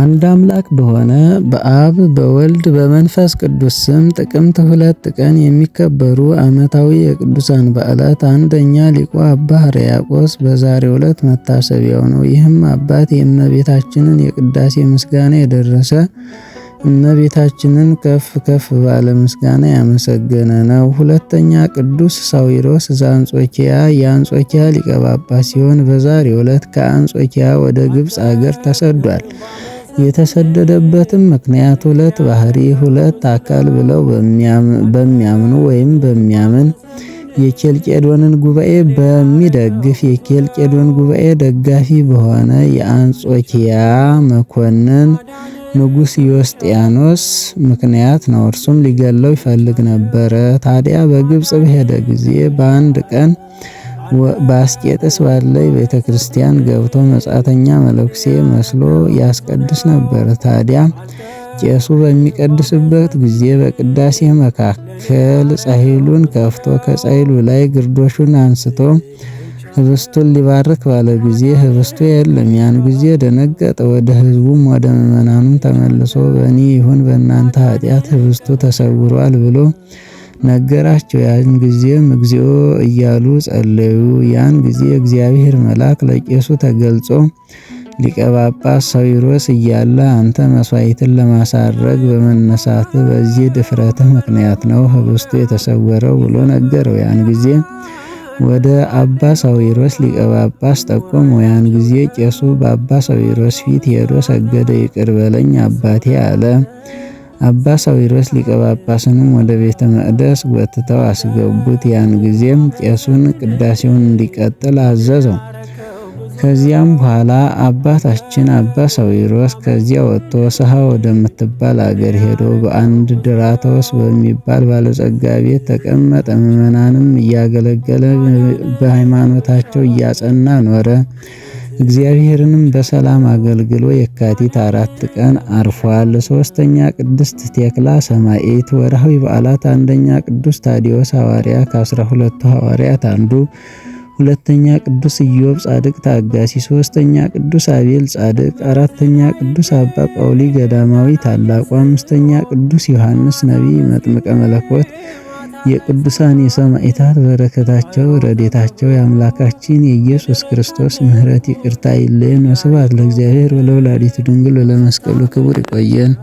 አንድ አምላክ በሆነ በአብ በወልድ በመንፈስ ቅዱስ ስም ጥቅምት ሁለት ቀን የሚከበሩ ዓመታዊ የቅዱሳን በዓላት፣ አንደኛ ሊቁ አባ ሕርያቆስ በዛሬው ዕለት መታሰቢያው ነው። ይህም አባት የእመቤታችንን የቅዳሴ ምስጋና የደረሰ እመቤታችንን ከፍ ከፍ ባለ ምስጋና ያመሰገነ ነው። ሁለተኛ ቅዱስ ሳዊሮስ ዘአንጾኪያ የአንጾኪያ ሊቀ ጳጳስ ሲሆን በዛሬው ዕለት ከአንጾኪያ ወደ ግብፅ አገር ተሰዷል። የተሰደደበትም ምክንያት ሁለት ባህሪ ሁለት አካል ብለው በሚያምኑ ወይም በሚያምን የኬልቄዶንን ጉባኤ በሚደግፍ የኬልቄዶን ጉባኤ ደጋፊ በሆነ የአንጾኪያ መኮንን ንጉስ ዮስጢያኖስ ምክንያት ነው። እርሱም ሊገለው ይፈልግ ነበረ። ታዲያ በግብጽ በሄደ ጊዜ በአንድ ቀን በአስቄጥስ ባለ ቤተ ክርስቲያን ገብቶ መጻተኛ መለኩሴ መስሎ ያስቀድስ ነበር። ታዲያ ቄሱ በሚቀድስበት ጊዜ በቅዳሴ መካከል ጸሂሉን ከፍቶ ከጸሂሉ ላይ ግርዶሹን አንስቶ ህብስቱን ሊባርክ ባለ ጊዜ ህብስቱ የለም። ያን ጊዜ ደነገጠ። ወደ ህዝቡም ወደ ምዕመናኑም ተመልሶ በእኔ ይሁን በእናንተ ኃጢአት ህብስቱ ተሰውሯል ብሎ ነገራቸው። ያን ጊዜም እግዚኦ እያሉ ጸለዩ። ያን ጊዜ እግዚአብሔር መልአክ ለቄሱ ተገልጾ ሊቀ ጳጳስ ሳዊሮስ እያለ አንተ መስዋዕትን ለማሳረግ በመነሳት በዚህ ድፍረት ምክንያት ነው ህብስቱ የተሰወረው ብሎ ነገረው። ያን ጊዜ ወደ አባ ሳዊሮስ ሊቀ ጳጳስ ጠቆመው። ያን ጊዜ ቄሱ በአባ ሳዊሮስ ፊት ሄዶ ሰገደ። ይቅር በለኝ አባቴ አለ። አባ ሳዊሮስ ሊቀ ወደ ቤተ መቅደስ ጎትተው አስገቡት። ያን ጊዜም ቄሱን ቅዳሴውን እንዲቀጥል አዘዘው። ከዚያም በኋላ አባታችን አባ ሳዊሮስ ከዚያ ወጥቶ ሰሃ ወደምትባል አገር ሄዶ በአንድ ድራቶስ በሚባል ባለጸጋ ቤት ተቀመጠ። ምዕመናንም እያገለገለ በሃይማኖታቸው እያጸና ኖረ። እግዚአብሔርንም በሰላም አገልግሎ የካቲት አራት ቀን አርፏል። ሶስተኛ ቅድስት ቴክላ ሰማዕት። ወርሃዊ በዓላት አንደኛ ቅዱስ ታዲዮስ ሐዋርያ ከአስራ ሁለቱ ሐዋርያት አንዱ፣ ሁለተኛ ቅዱስ ኢዮብ ጻድቅ ታጋሲ፣ ሶስተኛ ቅዱስ አቤል ጻድቅ፣ አራተኛ ቅዱስ አባ ጳውሊ ገዳማዊ ታላቁ፣ አምስተኛ ቅዱስ ዮሐንስ ነቢይ መጥምቀ መለኮት የቅዱሳን የሰማዕታት በረከታቸው ረዴታቸው የአምላካችን የኢየሱስ ክርስቶስ ምሕረት ይቅርታ ይለየን። ወስብሐት ለእግዚአብሔር ወለወላዲቱ ድንግል ወለመስቀሉ ክቡር። ይቆየን።